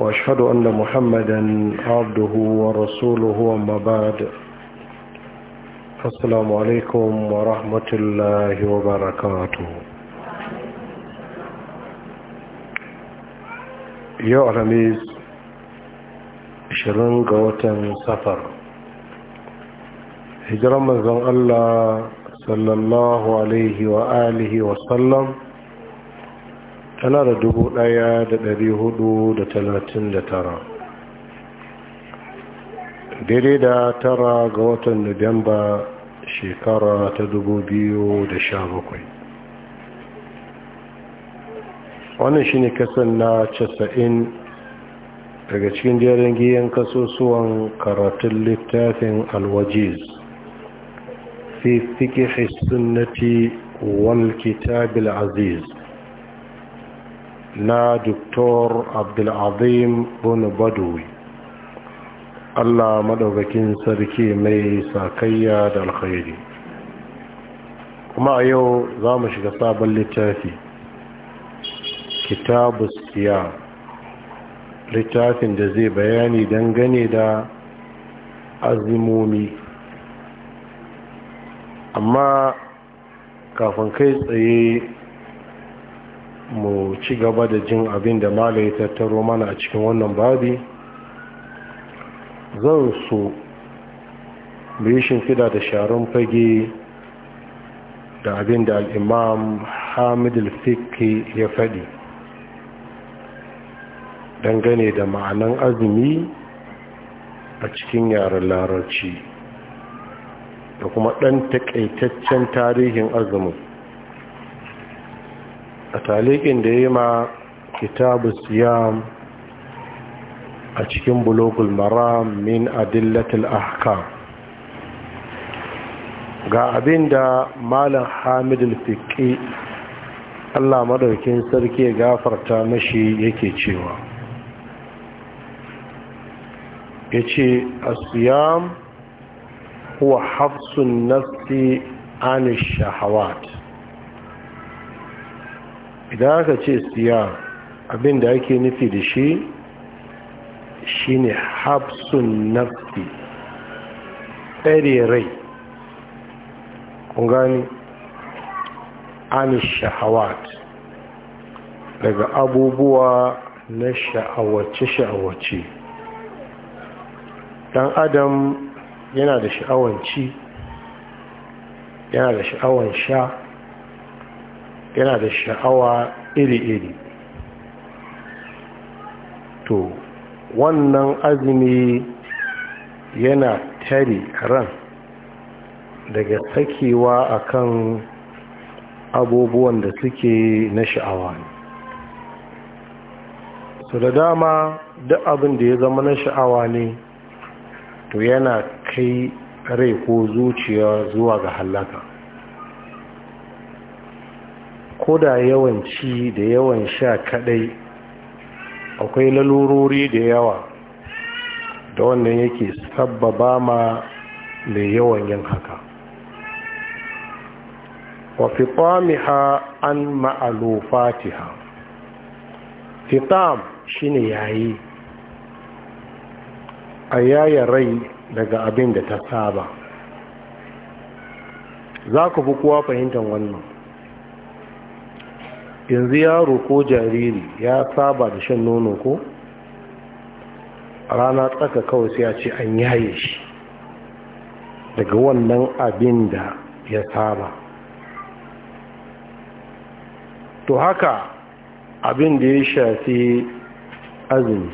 وأشهد أن محمدا عبده ورسوله أما بعد السلام عليكم ورحمة الله وبركاته يا علميز شرن قوتن سفر هجر من الله صلى الله عليه وآله وسلم tana da dubu ɗaya da dari hudu da talatin da tara daidai da tara ga watan nobamba shekara ta dubu biyu da sha bakwai wannan ne kasan na casa'in daga cikin jerin giyan kasusuwan karatun littafin alwajiz fi fiƙe sunnati wal kitabil aziz na Dr. Abdulazim bin Badawi Allah maɗaukakin sarki mai sakayya da alkhairi kuma a yau za mu shiga sabon littafi kitabu siya littafin da zai bayani dangane da azimomi amma kafin kai tsaye mu ci gaba da jin abin da mala ya tattaro mana a cikin wannan babi zan su mu yi shimfida da sharon fage da abin da al'imam hamid al-fikki ya faɗi dangane da ma'anan azumi a cikin yaren larabci da kuma ɗan taƙaitaccen tarihin azumin a talikin da ya yi ma kitabu siyam a cikin bulogul mara min adillatul ahkam ga abin da malam hamidul fiƙi allah madaukin sarki gafarta mashi yake cewa ya ce asiyam huwa hafsun nasi anishahawat shahawat idan aka ce siya abin da ake nufi da shi shine hapsun nafi tsare rai kun an shahawat daga abubuwa na sha'awace-sha'awace dan adam yana da sha'awanci yana da sha'awan sha yana da sha'awa iri-iri to wannan azumi yana tare ran daga sakewa akan abubuwan da suke na sha'awa ne su da dama duk abin da ya zama na sha'awa ne to yana kai rai ko zuciya zuwa ga halaka ko da yawan ci da yawan sha kadai akwai lalurori da yawa da wannan yake sabbaba ma mai yawan yin haka wafi ƙwamiha an ma'alufatiha fitam shine yayi a yaya rai daga abin da ta saba za ku fi kuwa fahimtar wannan yanzu yaro ko jariri ya saba da shan nono ko rana tsaka kawai sai ya ce an yaye shi daga wannan abin da ya saba to haka abin da ya shafi azumi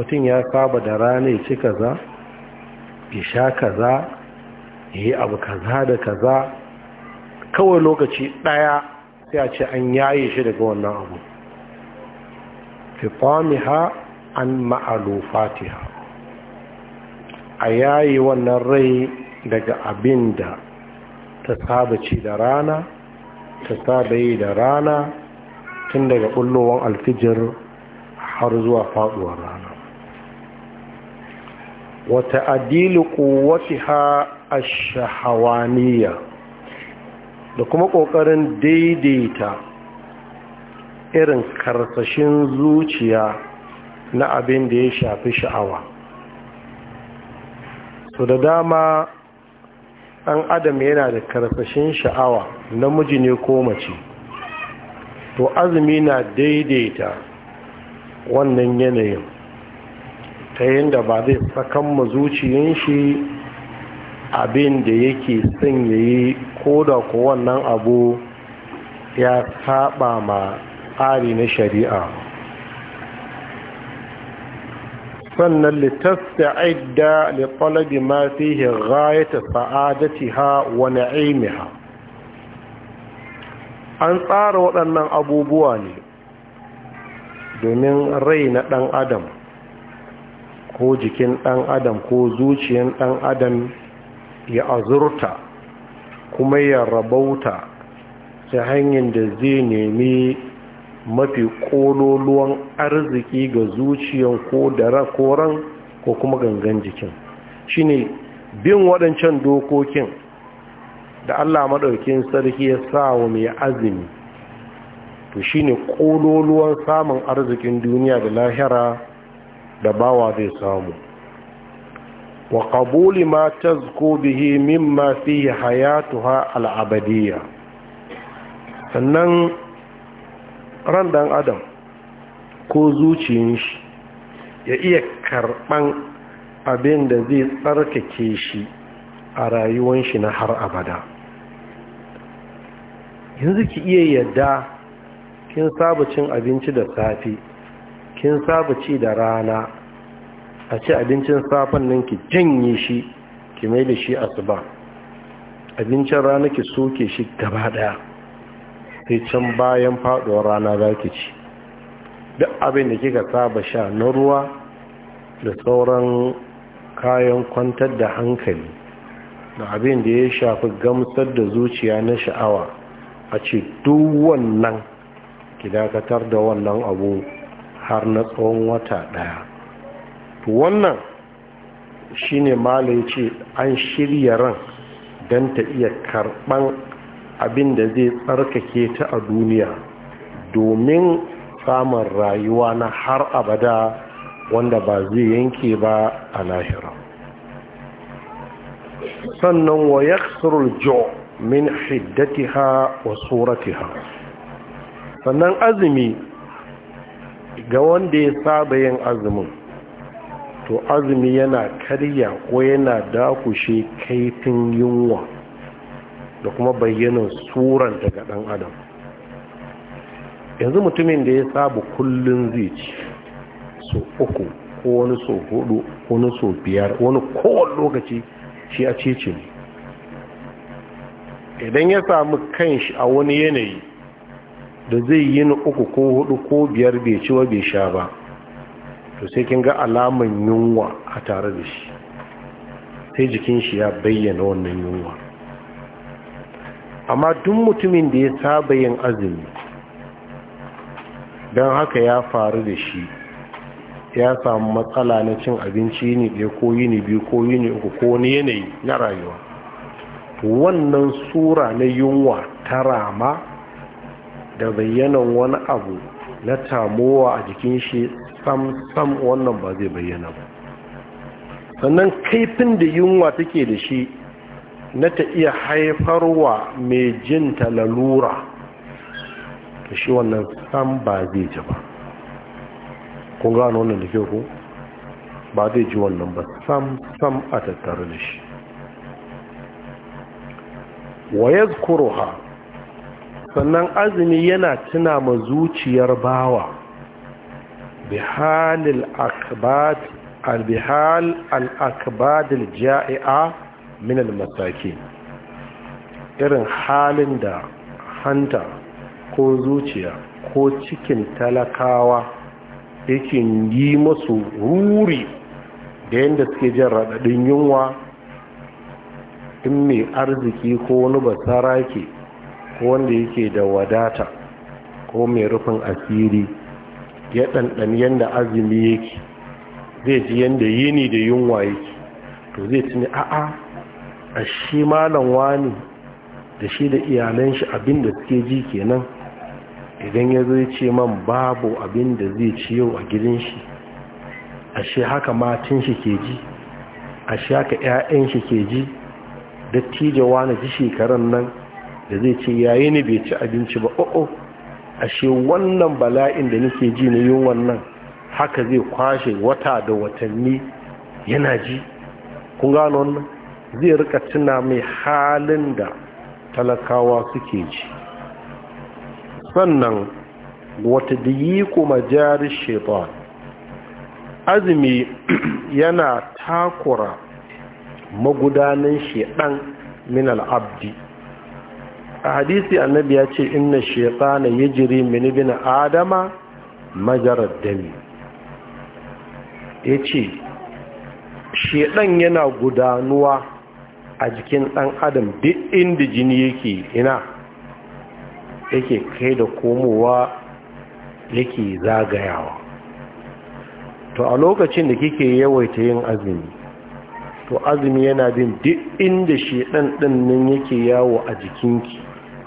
mutum ya saba da rana ya ci kaza ya sha kaza ya yi abu kaza da kaza kawai lokaci ɗaya sai a ce an yaye shi daga wannan abu fitamiha an Fatiha. a yaye wannan rai daga abin da ta saba ci da rana ta saba yi da rana tun daga ɓullowar alfijir har zuwa faɗuwar rana wata adilu ha a shahawaniya da kuma ƙoƙarin daidaita irin karsashin zuciya na abin da ya shafi sha'awa su da dama ɗan adam yana da karsashin sha'awa namiji ne ko mace to azumi na daidaita wannan yanayin ta yadda ba zai sakan ma zuciyin shi abin da yake son ya yi ko da ko wannan abu ya saba ma tsari na shari'a sannan littafi aida littalabi ma fihe ha wani aimi ha an tsara waɗannan abubuwa ne domin rai na ɗan adam ko jikin ɗan adam ko zuciyan ɗan adam ya azurta kuma ya rabauta ta hanyar da zai nemi mafi kololuwan arziki ga zuciyan ko da rakoran ko kuma gangan jikin shine bin waɗancan dokokin da Allah maɗaukin sarki ya sa wa mai azumi to shine kololuwan samun arzikin duniya da lahira da bawa zai samu wa qabuli ma tazku bihi mimma fihi hayatuha sannan ran dan adam ko zuciyin shi ya iya karɓan abin da zai tsarkake shi a rayuwan shi na har abada yanzu ki iya yadda kin saba cin abinci da safe kin saba ci da rana a ce abincin safen nan ki janye shi ki mai da shi asuba abincin rana ki soke shi gaba daya sai can bayan faduwar rana za ki ci duk abin da kika saba sha na ruwa da sauran kayan kwantar da hankali da abin da ya shafi gamsar da zuciya na sha'awa a ce duk wannan ki dakatar da wannan abu har na tsawon wata daya to wannan shine mala ya ce an shirya ran don ta iya karɓan abin da zai tsarkake ta a duniya domin samun rayuwa na har abada wanda ba zai yanke ba a lahira sannan wa ya jo min hiddatiha wa suratiha sannan azumi ga wanda ya saba yin azumin to azumi yana karya ko yana dakushe kaifin yunwa da kuma bayyana suran daga ɗan adam yanzu mutumin da ya saba kullum zai ci so uku ko wani so hudu ko wani so biyar wani kowane lokaci shi a cece ne idan ya samu kanshi a wani yanayi da zai yi na uku ko hudu ko biyar bai ci bai sha ba to sai kin ga alaman yunwa a tare da shi sai jikin shi ya bayyana wannan yunwa amma duk mutumin da ya saba yin azumi don haka ya faru da shi ya samu matsala na cin abinci ne ɗaya ko yini biyu ko yini uku ko wani yanayi na rayuwa wannan sura na yunwa ta rama da bayyana wani abu na tamowa a jikin shi sam sam wannan ba zai bayyana ba sannan kaifin da yunwa take da shi na ta iya haifarwa mai jinta lalura ta shi wannan sam ba zai ji ba kun gano wannan da ke ku ba zai ji wannan ba sam sam a tattare da shi wa ya sannan azumi yana tuna ma zuciyar bawa بحال الأكباد بحال الأكباد الجائعة من المساكين irin halin da hanta ko zuciya ko cikin talakawa yake yi masu ruri da yadda suke jin raɗaɗin yunwa in mai arziki ko wani basara ke ko wanda yake da wadata ko mai rufin asiri ya ɗanɗan yadda azumi yake zai ji yadda yini da yunwa yake to zai tuni a'a a shi malam wani da shi da iyalan shi abin da suke ji kenan idan ya zo ce man babu abin da zai ci yau a gidan shi ashe haka matan shi ke ji ashe haka 'ya'yan shi ke ji dattijawa na ji shekaran nan da zai ce yayi ni bai ci abinci ba o'o oh, oh, ashe wannan bala'in da nake ji na yin wannan haka zai kwashe wata da watanni yana ji kun gano wannan zai rika tuna mai halin da talakawa suke ji sannan wata da yi kuma jari shaitan azumi yana takura magudanin shaitan min al'abdi a hadisi annabi ya ce inna shaitana yajri min ibn adama majarar dami ya ce yana gudanuwa a jikin ɗan adam duk inda jini yake ina yake kai da komowa yake zagayawa to a lokacin da kike yawaita yin azumi to azumi yana bin duk inda shedan din nan yake yawo a jikinki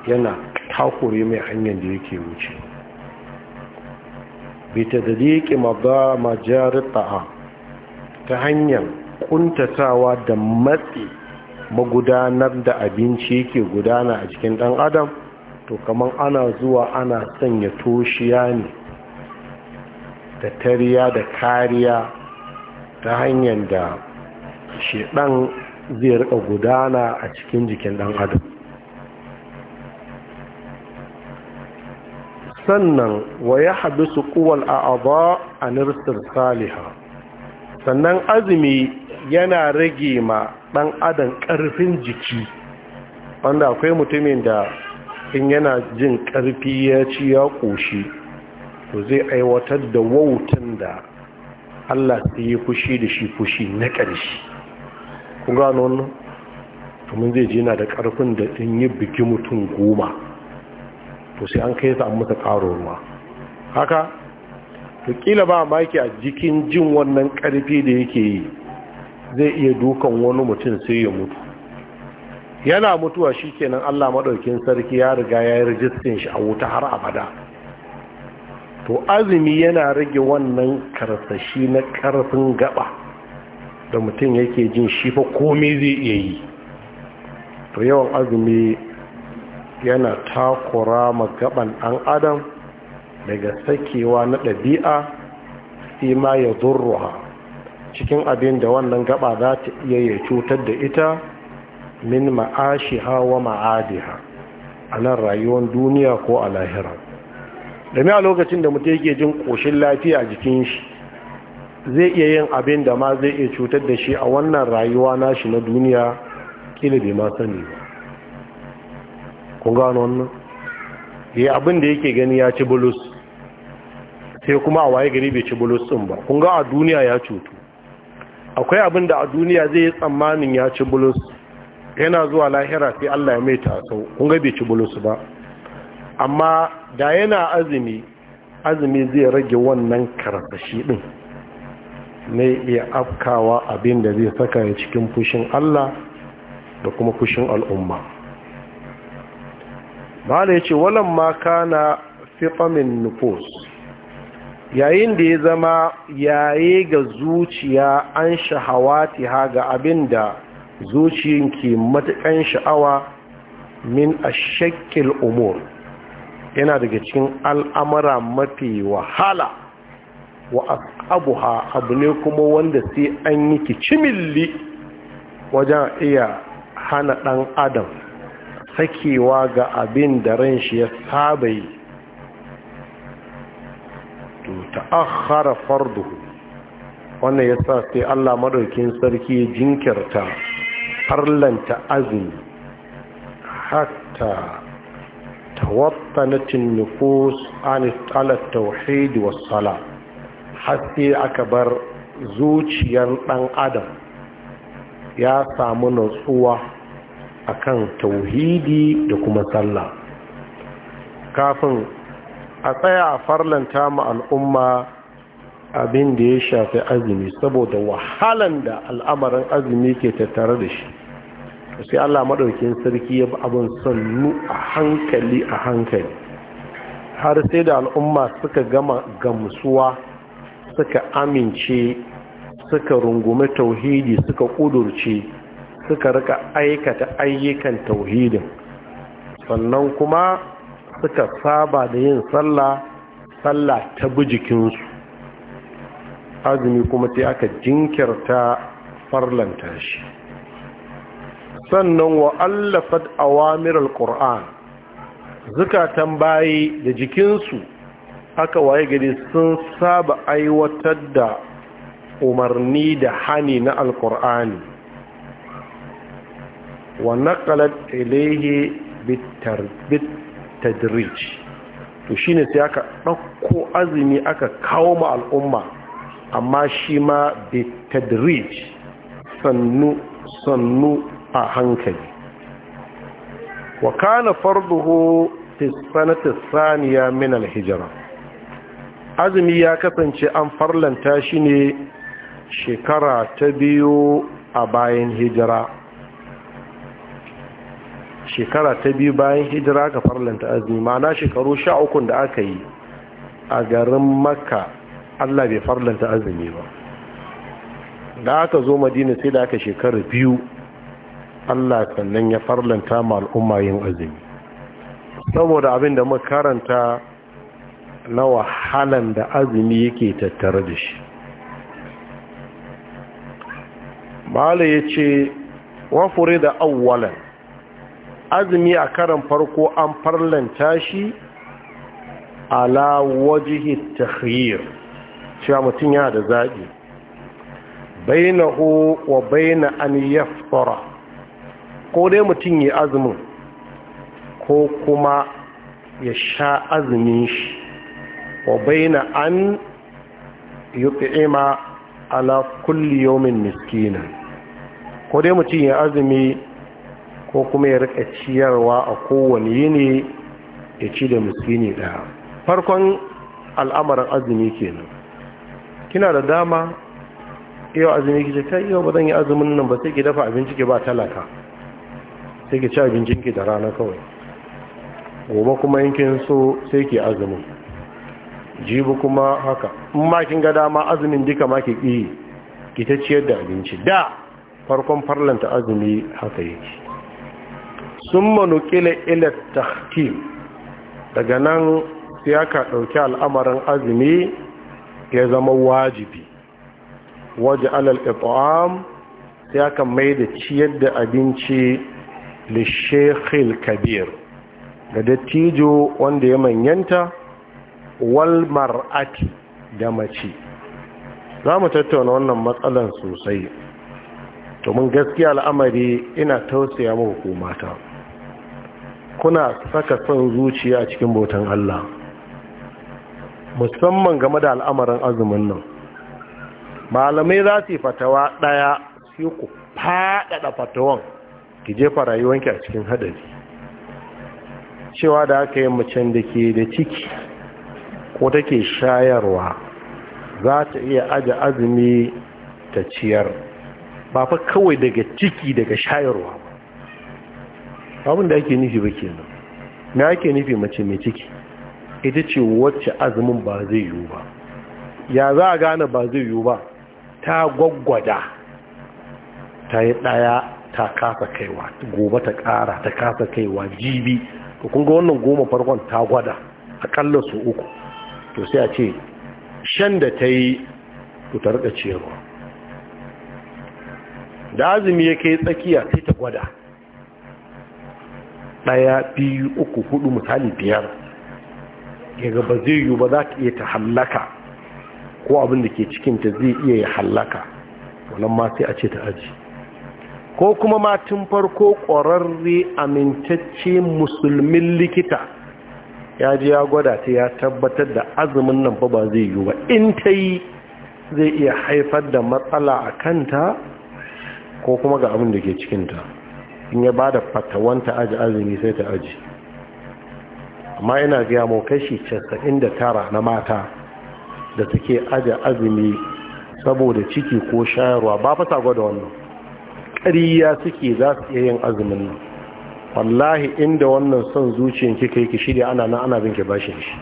yana takure mai hanyar da yake wuce bita da liƙi maza ta'a ta hanyar ƙuntatawa da matsi magudanar da abinci yake gudana a jikin ɗan adam to kamar ana zuwa ana sanya toshiya ne da tariya da kariya ta hanyar da ɗan zai rika gudana a cikin jikin ɗan adam sannan wa ya haɗu su a'aba a nirsir saliha sannan azumi yana rage ma ɗan adam ƙarfin jiki wanda akwai mutumin da in yana jin ƙarfi ya ci ya ƙoshi to zai aiwatar da wautan da Allah su yi fushi da shi fushi na ƙarshe ku gano wannan mun zai ji yana da ƙarfin da in yi biki mutum goma to sai an kai su ta karo ruwa haka to kila ba maki a jikin jin wannan ƙarfi da yake yi zai iya dukan wani mutum sai ya mutu yana mutuwa shi kenan allah maɗaukin sarki ya riga ya yi rijistin shi a wuta har abada to azumi yana rage wannan karsashi na karfin gaba da mutum yake jin shi fa komai zai iya yi to yawan azumi yana takura gaban ɗan adam daga sakewa na ɗabi'a fi ma ya zurruha cikin abin da wannan gaba za ta iya ya cutar da ita min hawa wa ma'adiha a nan rayuwar duniya ko a lahira domin a lokacin da mutum yake jin ƙoshin lafiya a jikin shi zai iya yin abin da ma zai iya cutar da shi a wannan rayuwa nashi na duniya kila bai ma sani ba kun gano wannan ya eh, abin da yake gani ya ci bulus sai kuma a waye gari bai ci bulus din ba kun ga a duniya ya cutu akwai abin da a duniya zai yi tsammanin ya ci bulus yana zuwa lahira sai Allah ya mai tasau kun ga bai ci bulus ba amma da yana azumi azumi zai rage wannan karfashi din ne ya afkawa abin da zai saka ya cikin fushin Allah da kuma fushin al'umma bala ya ce walan ma na fiqamin nufus yayin da ya zama yaye ga zuciya an shahawati ha ga abin da zuciyin ke matakan sha'awa min a shakil umur yana daga cikin al'amura mafi wahala wa abu ha abu ne kuma wanda sai an yi kicimilli wajen iya hana ɗan adam sakewa ga abin da ran shi ya saba yi to ta'akhkhara farduhu wannan yasa sai Allah madaukin sarki ya jinkirta farlanta azumi hatta توطنت النفوس على Sala. والصلاة aka bar zuciyar ɗan adam ya samu natsuwa akan tauhidi da kuma sallah kafin a tsaya a farlanta ma al'umma abin da ya shafi azumi saboda wahalan da al'amarin azumi ke tattare da shi sai Allah maɗaukin sarki ya bi abin sannu a hankali a hankali har sai da al'umma suka gama gamsuwa suka amince suka rungume tauhidi suka ƙudurce suka rika aikata ayyukan tauhidin sannan kuma suka saba da yin sallah sallah ta bi jikinsu azumi kuma sai aka jinkirta farlanta shi sannan wa allafat awamir alquran zukatan bayi da jikinsu aka waye gari sun saba aiwatar da umarni da hani na alƙur'ani wa naqalat ilayhi bitadrij to shine sai aka ɗauko azumi aka kawo ma al'umma amma shi ma bitadrij sannu sannu a hankali wa kana farduhu fi sanati thaniya min al azumi ya kasance an farlanta shi ne shekara ta biyu a bayan hijira shekara ta biyu bayan hijira ga farlanta azumi ma'ana shekaru sha uku da aka yi a garin makka allah bai farlanta azumi ba da aka zo madina sai da aka shekaru biyu allah sannan ya farlanta ma al'umma yin azumi saboda abin da makaranta na wahalan da azumi yake tattare da shi bala ya ce wafure da awwalan azumi a karan farko an farlanta shi ala wajihi takhir cewa mutum yana da zaɓi hu wa baina an yaftara ko dai mutum yi azumin ko kuma ya sha azumin shi wa baina an yut'ima ala kulli yawmin miskina ko dai mutum ya azumi ko kuma ya rika ciyarwa a kowane yini ya ci da miskini daya farkon al'amarin azumi kenan kina da dama yau azumi ki ce ta iya ba zan yi azumin nan ba sai ki dafa abinci ki ba talaka sai ki ci abincin ki da rana kawai gobe kuma yankin so sai ki azumin jibi kuma haka in ma kin ga dama azumin duka ma ki ki ta ciyar da abinci da farkon farlanta azumi haka yake sun manukila ila tahkim daga nan sai aka ɗauki al'amarin azumi ya zama wajibi waje alal it'am sai aka mai da ciyar da abinci shekhil kabir da dattijo wanda ya manyanta wal mar'ati da mace za mu tattauna wannan matsalan sosai domin gaskiya al'amari ina tausaya ma hukumata kuna saka son zuciya cikin botan Allah musamman game da al'amarin azumin nan malamai za su yi fatawa ɗaya su ku faɗaɗa fatawan ki jefa rayuwanki a cikin hadari cewa da aka yi macen da ke da ciki ko take shayarwa za ta iya aji azumi ta ciyar ba fa kawai daga ciki daga shayarwa ba abin da ake nufi ba ke nan, na ake nufi mace mai ciki ita ce wacce azumin ba zai yiwu ba ya za a gane ba zai yiwu ba ta gwaggwada ta yi ɗaya ta kasa kaiwa gobe ta ƙara ta kasa kaiwa jibi to kun ga wannan goma farkon ta gwada akalla su uku to sai a ce shan da ta yi to ta ciyarwa da azumi ya kai tsakiya sai ta gwada ɗaya biyu uku hudu misali biyar yaga ba zai yiwu ba za ka iya ta hallaka ko abin da ke cikinta zai iya ya hallaka wannan ma sai a ce ta aji ko kuma ma farko ƙwararre amintacce musulmin likita ya ji ya gwada ta ya tabbatar da azumin nan ba ba zai yiwu ba in ta yi zai iya haifar da matsala a kanta ko kuma ga abin da ke cikinta in ya ba da ta aji azumi sai ta aji amma ina gaya mu kashi 99 na mata da suke aji azumi saboda ciki ko shayarwa ba fasa gwada wannan ƙariya suke za su iya yin azumin nan wallahi inda wannan son zuciyar kika yi ki shirya ana nan ana bin ki bashin shi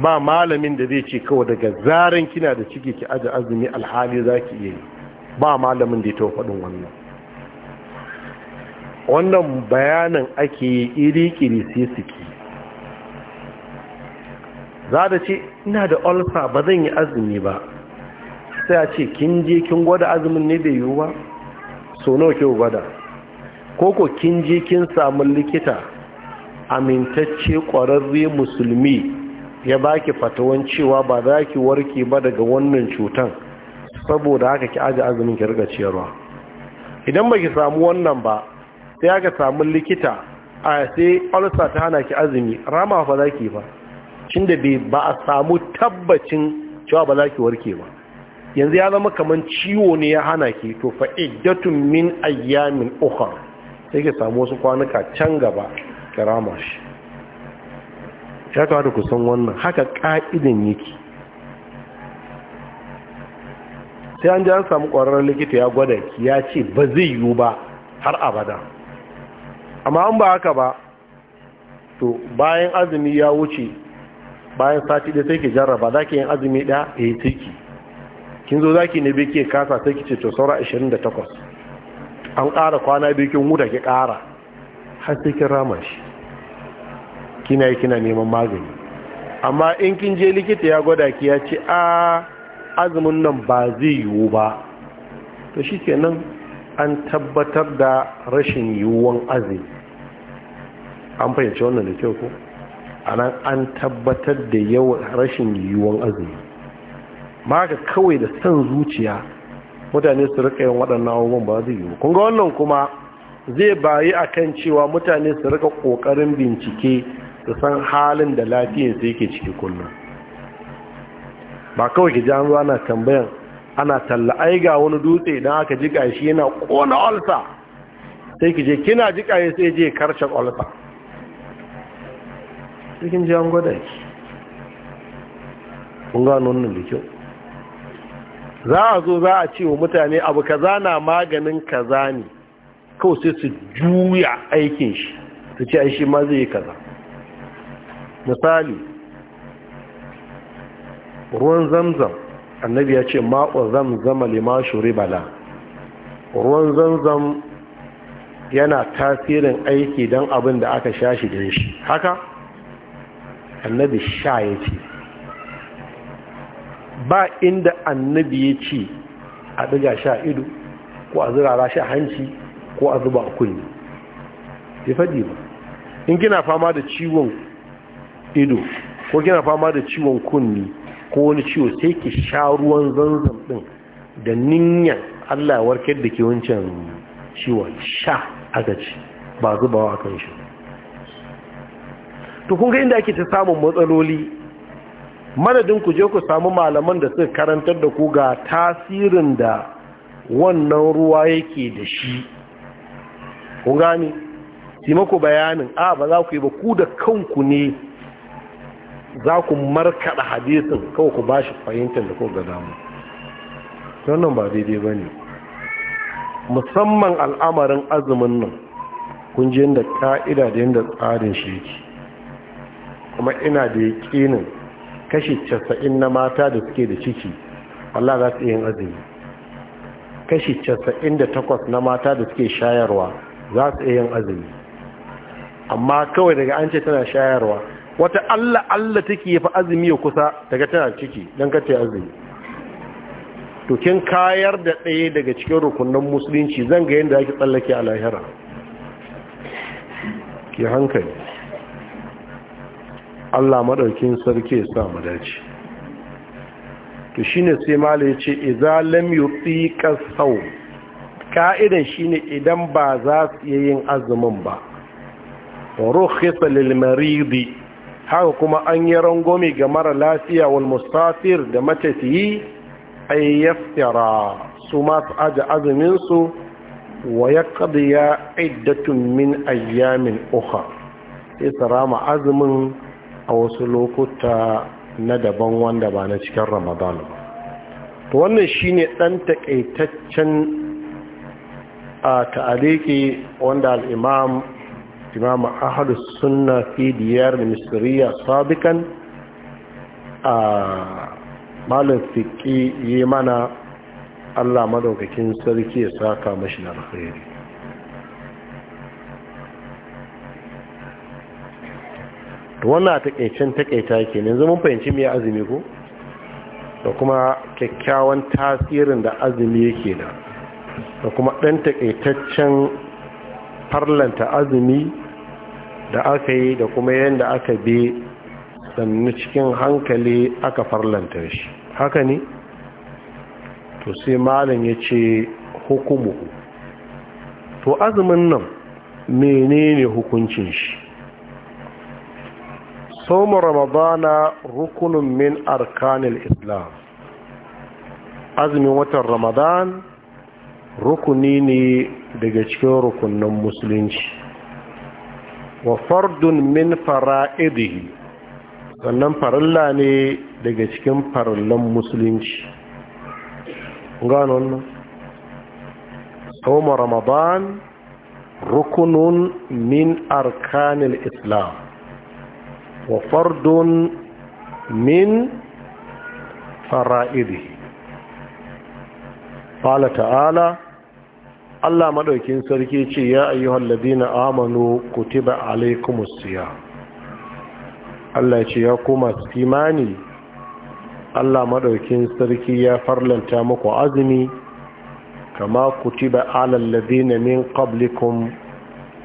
ba malamin da zai ce kawai daga zaren kina da ciki ki aji azumi alhali za ki iya yi ba malamin da ya taɓa faɗin wannan wannan bayanin ake yi iri-kiri sai suke za da ce ina da olfa ba zan yi azumi ba sai a ce kin je kin gwada azumin ne da yiwu ba so nawa ke gwada koko kin je kin samu likita amintacce ƙwararre musulmi ya baki fatawan cewa ba za ki warke ba daga wannan cutan saboda haka ki aji azumin ki rika ciyarwa idan ba ki samu wannan ba sai aka samu likita a sai ulsa ta hana ki azumi rama fa ki ba cin da ba a samu tabbacin cewa ba za ki warke ba yanzu ya zama kamar ciwo ne ya hana ki to fa iddatun min ayyamin ukhra sai ki samu wasu kwanuka can gaba ka rama shi ya kawo ku san wannan haka ka'idan yake sai an ji an samu ƙwararren likita ya gwada ki ya ce ba zai yiwu ba har abada amma an ba haka ba to bayan azumi ya wuce bayan sati da sai ki jarraba za ki yin azumi ɗaya ya yi tiki kin zo za ki ne biki kasa sai ki ce to saura 28 an ƙara kwana biyu kin wuta ki ƙara har sai kin rama shi kina yi kina neman magani amma in kin je likita ya gwada ki ya ce a azumin nan ba zai yiwu ba to shi kenan an tabbatar da rashin yiwuwan azumi an fahimci wannan da kyau ko a nan an tabbatar da yawan rashin yiwuwan azumi ma ka kawai da san zuciya mutane su rika yin waɗannan abubuwan ba zai yiwu kun ga wannan kuma zai bayi a kan cewa mutane su rika ƙoƙarin bincike su san halin da lafiyar su yake ciki kullum ba kawai ki ji an zuwa na tambayan ana talla ai ga wani dutse idan aka jiƙa shi yana ƙona olsa sai ki je kina jiƙa sai je karshen olsa cikin ji gwada ki kun gano wannan da kyau za a zo za a ce wa mutane abu kaza na maganin kaza ne kawai sai su juya aikin shi su ce ai shi ma zai yi kaza misali ruwan zamzam annabi ya ce ma'u zamzama lima shuri bala ruwan zamzam yana tasirin aiki don abin da aka sha shi shi haka annabi sha ya ce ba inda annabi ya ce a daga sha ido ko a zirara sha hanci ko a zuba a kunni ya faɗi ba in gina fama da ciwon ido ko gina fama da ciwon kunni ko wani ciwo sai ki sha ruwan zanzan ɗin da niyyar allah kyar da ke wancan ciwon sha aka ce ba zubawa a kan shi to ga inda ake ta samun matsaloli manadin ku je ku samu malaman da suka karantar da ku ga tasirin da wannan ruwa yake da shi Ku gane yi mako bayanin a ah, ba za ku yi ba ku da kanku ne za ku markaɗa hadisin kawai ku ba shi fahimtar da kuka ga damu wannan ba daidai ba ne musamman al'amarin azumin nan kun je yadda ka'ida da yadda tsarin shi yake kuma ina da yaƙinin kashi casa'in na mata da suke da ciki Allah za su yin azumi kashi casa'in da takwas na mata da suke shayarwa za su yin azumi amma kawai daga an ce tana shayarwa wata Allah Allah take ke fa azumi ya kusa daga tana ciki don kace azumi to kin kayar da ɗaya daga cikin rukunan musulunci zan ga yadda ake tsallake a lahira ki hankali Allah maɗaukin sarki ya sa mu dace to shine sai malai yace idza lam yutiqa saw ka'idan shine idan ba za su yin azumin ba rukhisa lil maridi haka kuma an yi rangwame ga mara lafiya wal mustafir da matafiyi ay yaftira su ma su aje azumin su wa yaqdiya iddatun min ayyamin ukhra sai ma azumin a wasu lokuta na daban wanda ba na cikin ramadan to wannan shi ne ɗan taƙaitaccen a ta'aliki wanda al'imam imam ahadu suna fi diyar misriya sabikan a malin fiƙi yi mana allah madaukakin sarki ya saka mashi na alkhairi to wannan a takaicen takaita ke yanzu mun fahimci mai azumi ko da kuma kyakkyawan tasirin da azumi yake da da kuma ɗan takaitaccen farlanta azumi da aka yi da kuma yadda aka bi sannu cikin hankali aka farlanta shi haka ne to sai malam ya ce hukumu to azumin nan menene hukuncin shi saumu ramadana rukunin min arkanin islam azumin watan ramadan rukuni ne daga cikin rukunin musulunci wa fardun min fara'idihi sannan farilla ne daga cikin farillan musulunci ganon saumu ramadan rukunun min arkanin islam wa fardun min fara'idihi qala ta'ala Allah madaukin sarki ce ya ayyuhal ladina amanu kutiba alaikumus siya, Allah ce ya kuma imani Allah madaukin sarki ya farlanta muku azumi kama kutiba alal ladina min qablikum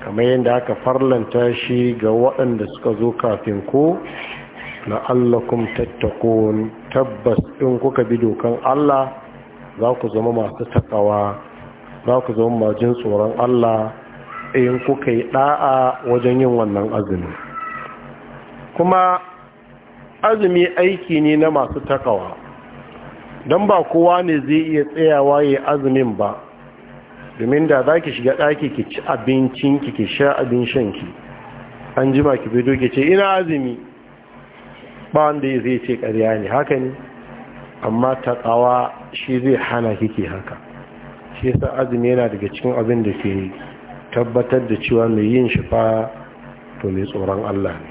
kamar yadda aka farlanta shi ga waɗanda suka zo kafin ku la'allakum tattakon tabbas in kuka bi dokan Allah za ku zama masu takawa za ku zama majin tsoron Allah in kuka yi ɗa'a wajen yin wannan azumi kuma azumi aiki ne na masu taƙawa, don ba kowa ne zai iya tsayawa ya azumin ba domin da za ki shiga ɗaki ki ci abincinki ki sha abin shanki an jima ki bido ki ce ina azumi ba wanda zai ce ƙarya ne haka ne amma ta tsawa shi zai hana kike haka shi yasa azumi yana daga cikin abin da ke tabbatar da cewa mai yin shi fa to mai tsoron Allah ne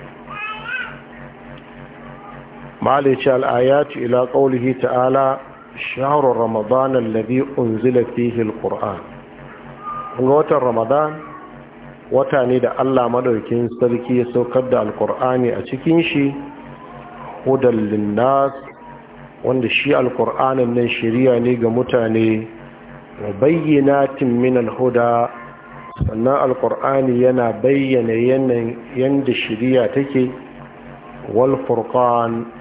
malice al'ayatu ila qaulihi ta'ala shaharar ramadan alladhi unzila fihi alquran ga watan ramadan wata ne da allah madaukin sarki ya saukar da alkur'ani a cikin shi hudan linnas wanda shi alkur'anin nan shirya ne ga mutane bayyana min alhuda sannan alkur'ani yana bayyana yadda shirya take wal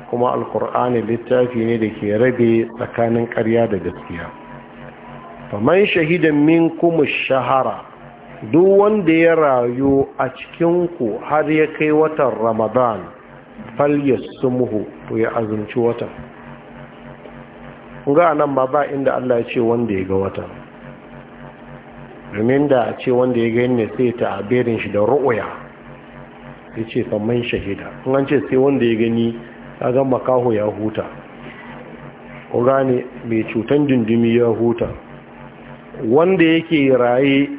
kuma alkur'ani littafi ne da ke rabe tsakanin karya da gaskiya faman shahidan min kuma shahara duk wanda ya rayu a cikinku har ya kai watan ramadan ya sumuhu to ya azumci watan ga nan ba ba inda Allah ya ce wanda ya ga watan domin da a ce wanda ya gani ne sai ta abirin shi da ru'uya ya ce faman shahida an ce sai wanda ya gani a ga makaho ya huta ko gane mai cutan dindimi ya huta wanda yake raye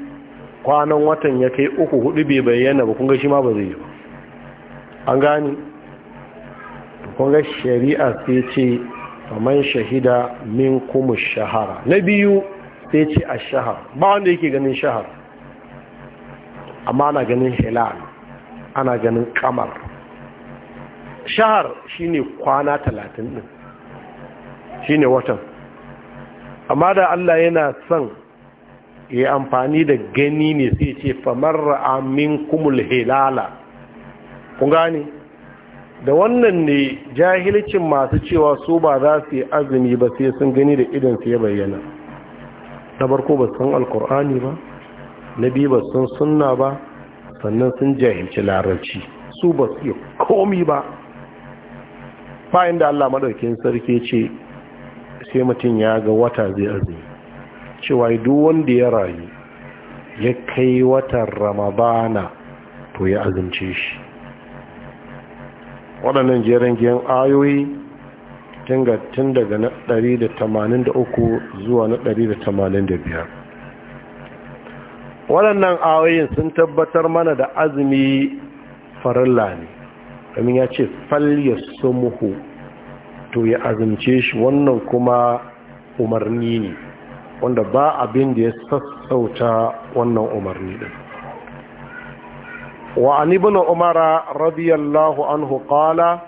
kwanan watan ya kai uku hudu bai bayyana ba kunga shi ma ba zai yi an gani kunga shari'a sai ce man shahida min kuma shahara na biyu sai ce a shahar ba wanda yake ganin shahar amma ana ganin hilal ana ganin kamar shahar shine kwana talatin din shine watan amma da Allah yana son ya amfani da gani ne sai ce famar amin kumul hilala ku gane da wannan ne jahilcin masu cewa su ba za su yi azumi ba sai sun gani da idan su ya bayyana na farko ba sun alkur'ani ba na biyu ba sun sunna ba sannan sun jahilci larabci su ba su yi komi ba bayan da allah maɗaukin sarki ce sai mutum ya ga wata zai azumi cewa duk wanda ya rayu ya kai watan ramadana to ya azumce shi waɗannan jerin ayoyi tun daga na 183 zuwa na 185 waɗannan ayoyin sun tabbatar mana da azumi farilla ne kamin ya ce falya sumuhu to ya azumce shi wannan kuma umarni ne wanda ba abin da ya sassauta wannan umarni din wa an ibn umar radiyallahu anhu qala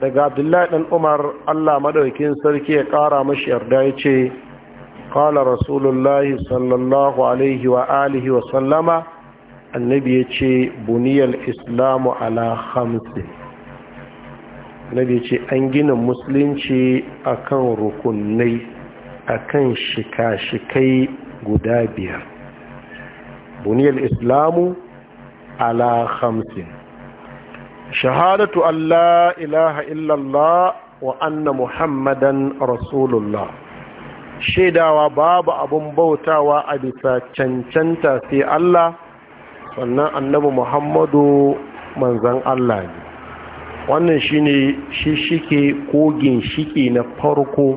daga abdullahi dan umar Allah madaukin sarki ya kara mashi yarda yace qala rasulullahi sallallahu alaihi wa alihi wa sallama annabi yace buniyal islamu ala khamsin annabi yace an gina musulunci akan rukunai akan shika-shikai guda biyar buniyar islamu ala hamsin shahadatu allah ilaha illallah wa anna muhammadan rasulullah shaidawa babu abun bautawa a bisa cancanta sai allah sannan annabi muhammadu manzan allah ne wannan shine shi shike ko shike na farko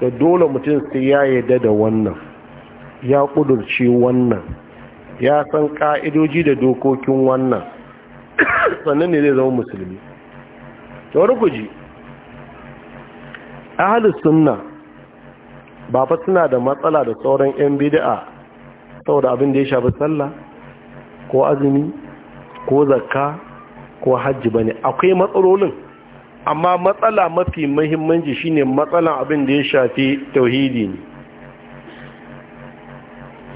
da dole mutum sai ya yarda da wannan ya kudurci wannan ya san ka'idoji da dokokin wannan sannan ne zai zama musulmi wani guji ahalus sunna ba fa suna da matsala da sauran yan bid'a saboda abin da ya shafi sallah ko azumi ko zakka ko hajji ba ne akwai matsalolin amma matsala mafi muhimmanci shine matsalan abin da ya shafi tauhidi ne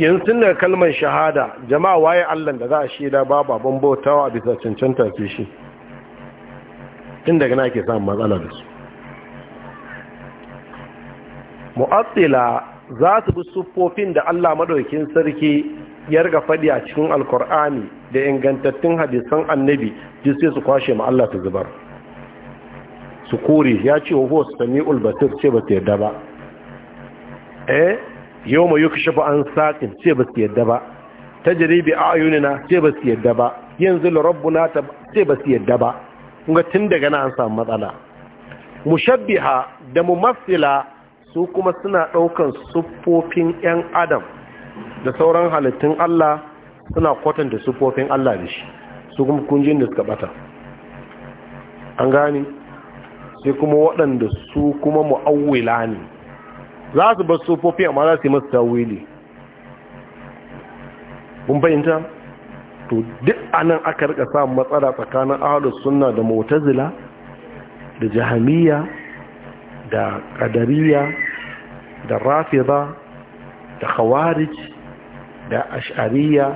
yanzu da kalmar shahada jama'a waye allon da za a shaida babu abin bautawa a bisa cancanta ke shi tun daga na ke samun matsala da su mu'attila za su bi siffofin da Allah maɗaukin sarki ya faɗi a cikin alkur'ani da ingantattun hadisan annabi jisai su kwashe ma Allah ta zubar Sukuri ya ce wa huwa sami'ul basir ce ba su yadda ba eh yau mai yuka shafa an saƙin ce ba su yadda ba ta jaribi a ayunina ce ba su yadda ba yanzu larabbuna ta ce ba su yadda ba kunga tun daga na an samu matsala mushabbiha da mafila su kuma suna ɗaukan siffofin 'yan adam da sauran halittun Allah suna kwatanta siffofin Allah da shi su kuma kunjin da suka ɓata an gani sai kuma waɗanda su kuma mu'awwila ne za su bar sufofi amma za su yi masu tawili kun fahimta to duk anan aka rika samun matsala tsakanin ahlus sunna da mu'tazila da jahamiya da qadariya da Rafiza, da khawarij da ash'ariya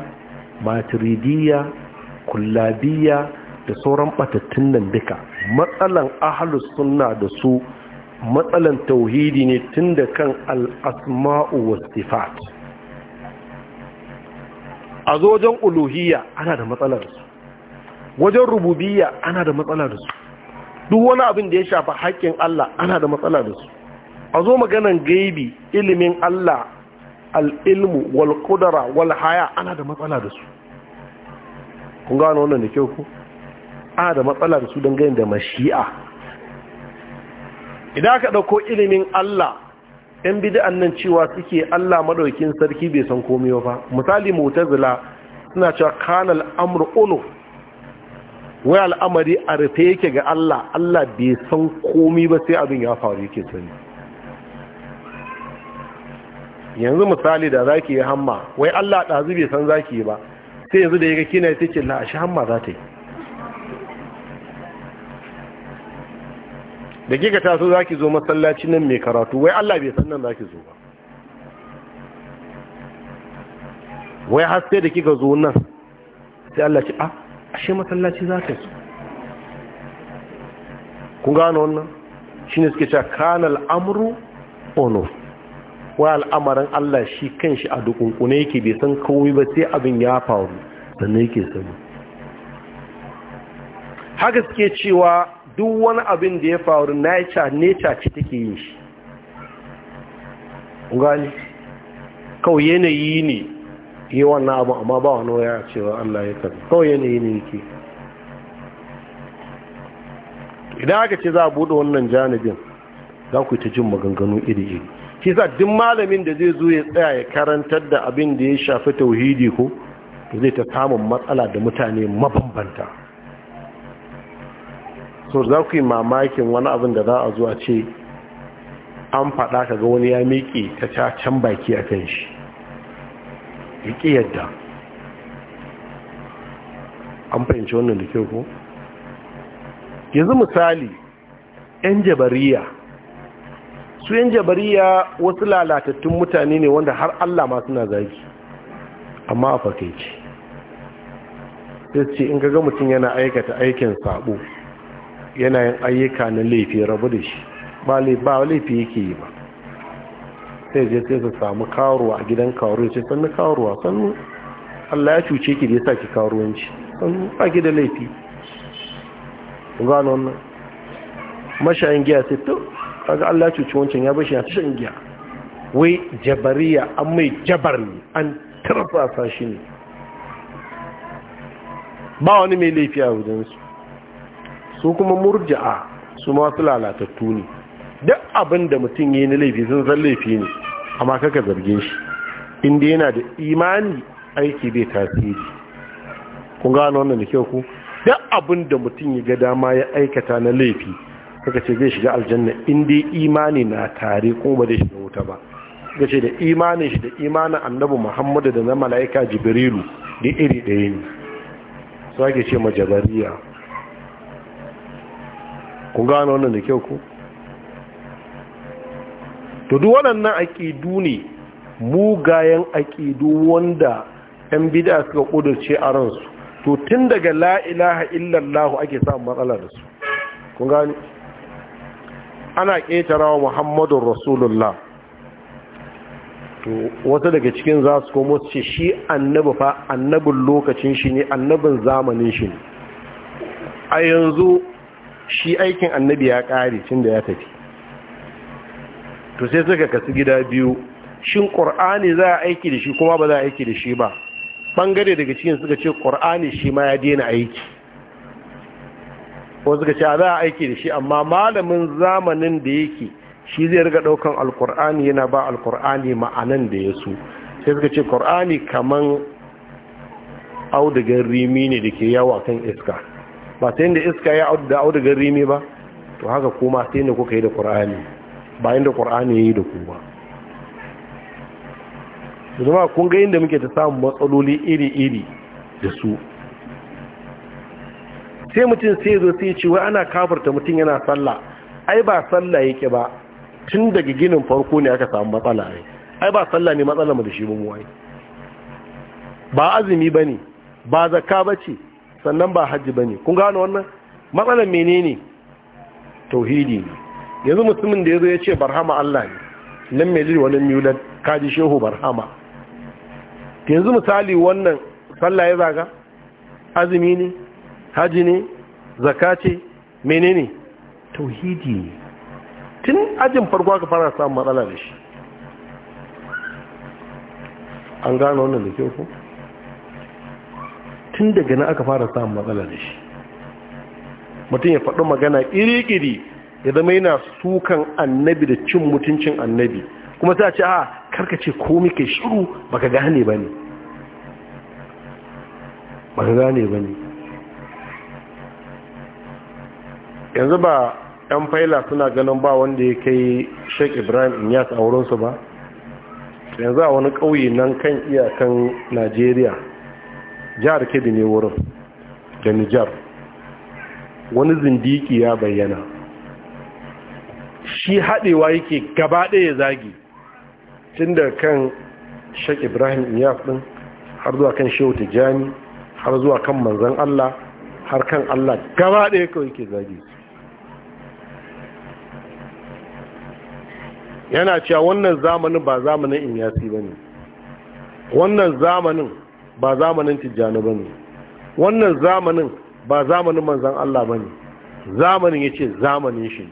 matridiya kullabiya da sauran batattun nan duka matsalan ahalus sunna da su matsalan tauhidi ne tun da kan al'asma'u wa sifat a zo wajen uluhiyya ana da da su wajen rububiyya ana da matsala da su duk wani abin da ya shafa haƙƙin Allah ana da matsala da su a zo maganan gaibi ilimin Allah al'ilmu wal kudara wal haya ana da matsala da su kun gano wannan da kyau ku a da matsala da su dangane da mashi'a idan aka ɗauko ilimin Allah ‘yan bida'an nan cewa suke Allah maɗaukin sarki bai san komai ba misali mutazila suna cewa kana al'amru ulu wai al'amari a rufe yake ga Allah Allah bai san komai ba sai abin ya faru yake sani yanzu misali da zaki yi hamma wai Allah ɗazu bai san zaki ba sai yanzu da yake kina ya la shi hamma za ta yi da kika taso za ki zo masallaci nan mai karatu wai Allah bai san nan za ki zo ba wai har sai da kika zo nan sai Allah ce a ah, ashe masallaci za ka zo kun gano wannan shine suke cewa kanal amru ono wai al'amarin Allah shi kanshi a dukunkune yake bai san komai ba sai abin ya faru sannan yake sani haka suke cewa duk wani abin da ya faru na nature nature ce take yin shi gani kawai yanayi ne yi wannan abu amma ba wani waya cewa Allah ya kan kawai yanayi ne yake idan aka ce za a buɗe wannan janibin za ku yi ta jin maganganu iri-iri shi sa duk malamin da zai zo ya tsaya ya karantar da abin da ya shafi tauhidi ko zai ta samun matsala da mutane mabambanta so za ku yi mamakin wani abin da za a zuwa ce an faɗa ka ga wani ya miƙe ta can baki a kan shi ya ƙi yadda an fahimci wannan da ke ku yanzu misali 'yan jabariya su 'yan jabariya wasu lalatattun mutane ne wanda har allah ma suna zaki, amma a fakaici sai ce in ga mutum yana aikata aikin sabo yanayin ayyuka na laifi rabu da shi ba laifi yake yi ba sai je sai su samu karuwa a gidan karuwa ce sannu karuwa sannu allah ya cuce ki da ya sa karuwanci sannu a ki laifi gano wannan mashayin giya sai to kaga allah ya cuce wancan ya bashi ya ci shan giya wai jabariya an mai jabar ne an tarfasa shi ne ba wani mai laifi a wajensu su kuma murja'a su masu lalatattu ne duk abin da mutum yi na laifi sun san laifi ne amma kaka zarge shi inda yana da imani aiki bai tasiri kun gano wannan da kyau ku duk abin da mutum ya ga dama ya aikata na laifi kaka ce zai shiga aljanna inda imani na tare ko ba zai shiga wuta ba ga ce da imanin shi da imanin annabi muhammadu da na mala'ika jibrilu da iri ɗaya ne su ce majabariya Ku gano wannan da kyau ku to duk waɗannan aƙidu ne mugayen aƙidu wanda 'yan bida suka ƙudurce a ransu to tun daga la'ilaha illallahu ake samun matsala da su Ku gani ana ƙetara wa muhammadun rasulullah to wata daga cikin za su komo ce shi annabi fa annabin lokacin shi ne annabin zamanin shi ne a yanzu shi aikin annabi ya ƙare cin da ya tafi to sai suka kasu gida biyu shin ƙur'ani za a aiki da shi kuma ba za a aiki da shi ba ɓangare daga cikin suka ce ƙur'ani shi ma ya daina aiki ko suka ce a za a aiki da shi amma malamin zamanin da yake shi zai riga ɗaukan alƙur'ani yana ba alƙur'ani ma'anan da ya su sai suka ce ƙur'ani kaman audugar rimi ne da ke yawa kan iska ba ta yadda iska ya da audugar rimi ba to haka kuma ta yadda kuka yi da ba yadda ƙur'ani ya yi da ku ba zama kun ga yadda muke ta samun matsaloli iri-iri da su sai mutum sai zo sai ce wai ana kafarta mutum yana sallah ai ba sallah yake ba tun daga ginin farko ne aka samu matsala ne ai ba sallah ne matsala mu da shi mu wai ba azumi bane ba zakka bace sannan ba hajji bane kun gano wannan matsalar menene tauhidi ne yanzu musulmin da yazo ya ce barhama Allah ne nan yajri wa wani yulad kaji shehu barhama yanzu misali wannan sallah ya zaga azumi ne haji ne zakati menene tauhidi ne tun ajin farko aka fara samun matsala da shi an gano wannan da kyau ko tun daga nan aka fara samun matsala da shi mutum ya faɗi magana ƙiri ya zama yana sukan annabi da cin mutuncin annabi kuma za a ce a karkace komi kai shiru baka gane ba ne baka gane ba ne yanzu ba yan faila suna ganin ba wanda ya kai sheik ibrahim in a wurinsu ba yanzu a wani ƙauye nan kan iyakan najeriya jihar kebbi ne wurin da nijar wani zindiki ya bayyana shi haɗewa yake gaba ɗaya zagi tun da kan shek ibrahim iyaf ɗin har zuwa kan shehu Jami, har zuwa kan manzan allah har kan allah gaba ɗaya kawai yake zagi yana cewa wannan zamanin ba zamanin inyasi ba ne wannan zamanin ba zamanin tijjani ba ne wannan zamanin ba zamanin manzan Allah ba ne zamanin ya ce zamanin shi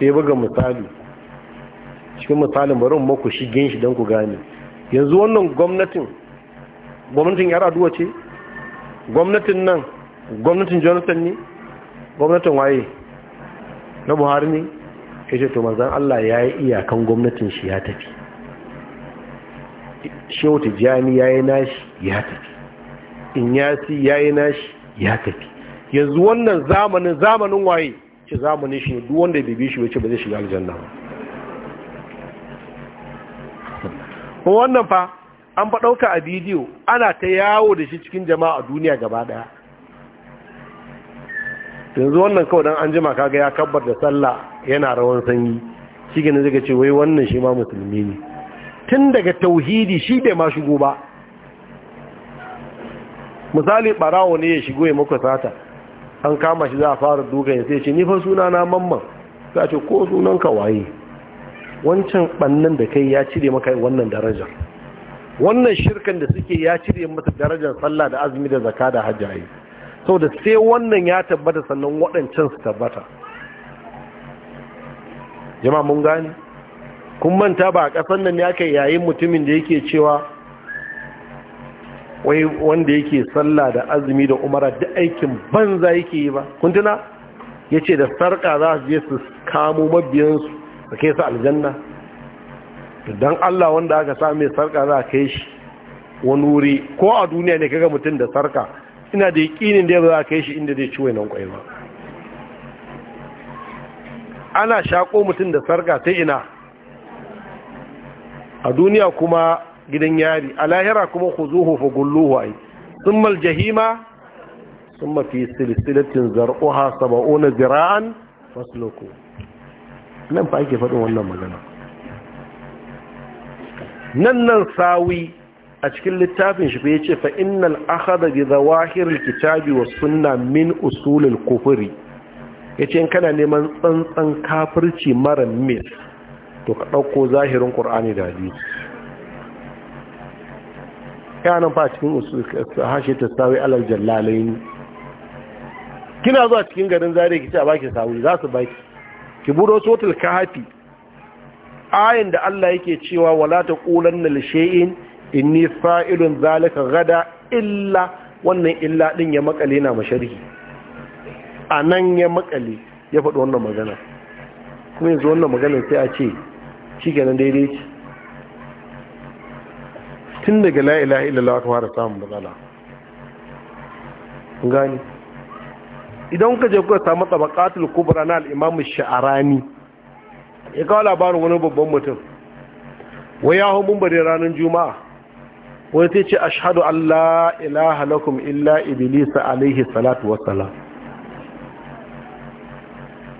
sai buga misali cikin misalin bari maku shigin shi don ku gane yanzu wannan gwamnatin gwamnatin yara duwa ce gwamnatin nan gwamnatin jonathan ne gwamnatin waye na buhari ne ya ce to manzan Allah ya yi iyakan gwamnatin shi ya tafi shehu tijjani ya yi nashi ya tafi in yasi ya yi nashi ya tafi yanzu wannan zamanin zamanin waye ce zamanin shi duk wanda ya bi shi wace ba zai shiga aljanna ba wannan fa an fa ɗauka a bidiyo ana ta yawo da shi cikin jama'a duniya gaba ɗaya yanzu wannan kawai dan an jima kaga ya kabbar da sallah yana rawan sanyi shi ne zai ce wai wannan shi ma musulmi ne tun daga tauhidi shi bai ma shigo ba misali barawo ne ya shigo ya muka sata an kama shi za a fara dukan sai ce nifar suna na mamman za ce ko sunan ka waye wancan bannan da kai ya cire maka wannan darajar wannan shirkan da suke ya cire masa darajar sallah da azumi da zaka da hajjaye sau da sai wannan ya tabbata sannan waɗancan su tabbata jama mun gani kun manta ba a ƙasar nan ya kai yayin mutumin da yake cewa wai wanda yake sallah da azumi da umara da aikin banza yake yi ba kun tuna ya ce da sarka za su je su kamo mabiyansu su kai su aljanna don allah wanda aka sa mai sarƙa za a kai shi wani wuri ko a duniya ne kaga mutum da sarƙa ina da yaƙinin da ya za a kai shi inda zai ci nan kwai ba ana shako mutum da sarka sai ina a duniya kuma gidan yari a lahira kuma ku zuhu fa gulluhu ai sun mal jahima sun mafi silisilatin zar'uha sab'una zira'an fasluku nan fa ake faɗin wannan magana nan nan sawi a cikin littafin shi ya ce fa innal akhadha bi zawahir kitabi was sunna min usul alkufri yace in kana neman tsantsan kafirci mara mis to ka ɗauko zahirin ƙur'ani da hadisi nan fa cikin hashe ta sawi alal jallalaini kina zuwa cikin garin zare ki ce a baki sawi za su baki ki buro sotul kahafi ayin da Allah yake cewa wala ta taqulanna li shay'in inni fa'ilun zalika gada illa wannan illa din ya makale na masharhi nan ya makale ya faɗi wannan magana kuma yanzu wannan maganar sai a ce shi ganin daidai ce tun daga la'ilaha illallah aka fara samun matsala gani idan ka je kuka samu tabakatul kubra na al'imamu sha'arani ya kawo labarin wani babban mutum wai ya hau mumbari ranar juma'a wani ta ce ashadu allah ilaha lakum illa ibilisa alaihi salatu wasala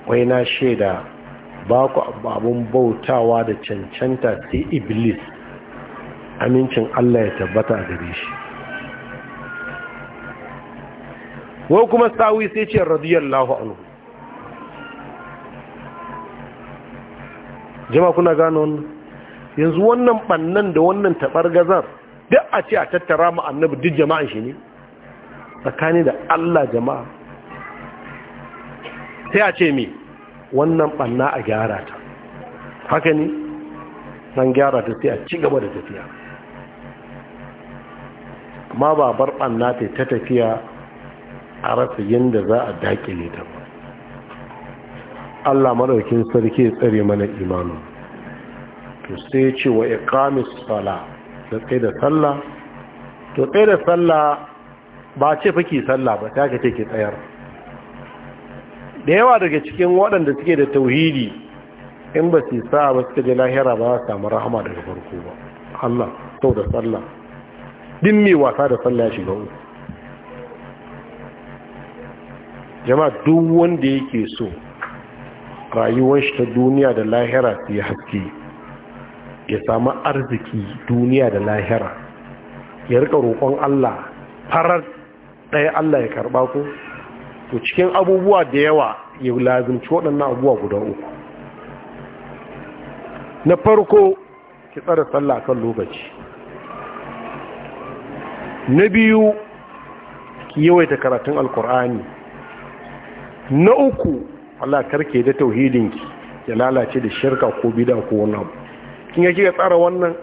wai na shaida ba ku abun bautawa da cancanta sai iblis amincin Allah ya tabbata a gare shi wai kuma sawi sai ce radiyallahu anhu jama kuna gano wannan yanzu wannan bannan da wannan tabar gazar duk a ce a tattara mu annabi duk jama'an shi ne tsakani da Allah jama'a sai a ce me wannan ɓanna a gyara ta haka ne nan gyara ta sai a ci gaba da tafiya ma ba bar banna ta ta tafiya a rasa yadda za a dakile ta ba Allah maraukin sarki tsare mana imanin to sai ce wa ikamis sala da tsaye da sallah to tsaye da sallah ba ce fake sallah ba ta ka take tsayar da yawa daga cikin waɗanda suke da tauhidi in ba su sa ba suka je lahira ba za samu rahama daga farko ba Allah sau da sallah din mai wasa da sallah shiga uku jama'a duk wanda yake so rayuwar shi ta duniya da lahira su yi haske ya samu arziki duniya da lahira ya rika roƙon Allah farar ɗaya Allah ya karɓa ku to cikin abubuwa da yawa ya lazimci waɗannan abubuwa guda uku na farko ki tsara sallah kan lokaci na biyu ki yawaita karatun alkur'ani na uku Allah karke da tauhidinki ya lalace da shirka ko bida ko wani abu kin yake tsara wannan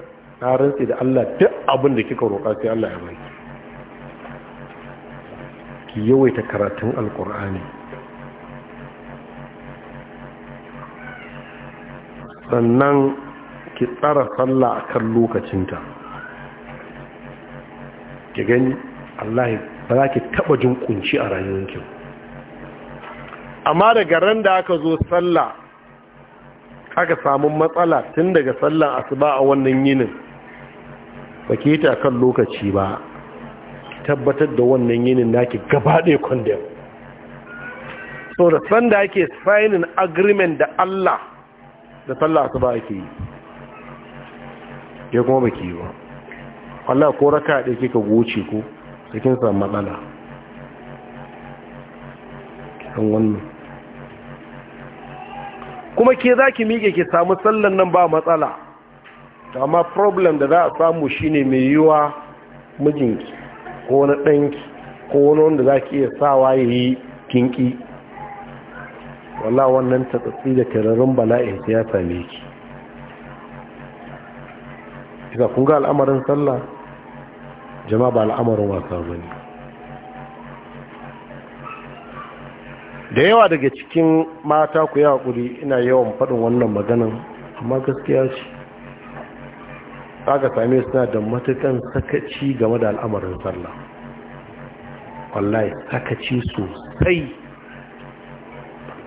na rantsi da Allah duk abin da kika roƙa sai Allah ya baki ki yawaita karatun alkur'ani sannan ki tsara sallah a kan lokacinta ki gani allahi ba za ki taba jin kunci a rayuwanki amma daga ran da aka zo sallah aka samu matsala tun daga sallar asuba a wannan yinin ba ki ta kan lokaci ba tabbatar da wannan yinin naki gaba ɗaya condemn so da sanda ake signing agreement da Allah da sallah su ba ake yi ya kuma ba ke yi ba Allah ko raka ɗaya kika goce ko cikin sa matsala kan wannan kuma ke za ki miƙe ki samu sallan nan ba matsala amma problem da za a samu shine mai yiwa mijinki ko wani ɗanki ko wani wanda za ki iya sawa ya yi kinki wala wannan tatsatsi da tararin bala'in ya same ki isa kun ga al'amarin sallah jama'a ba al'amarin wasa ba ne da yawa daga cikin mata ku yi haƙuri ina yawan faɗin wannan maganin amma gaskiya ce aka same suna da matukan sakaci game da al'amarin sallah wallahi sakaci sosai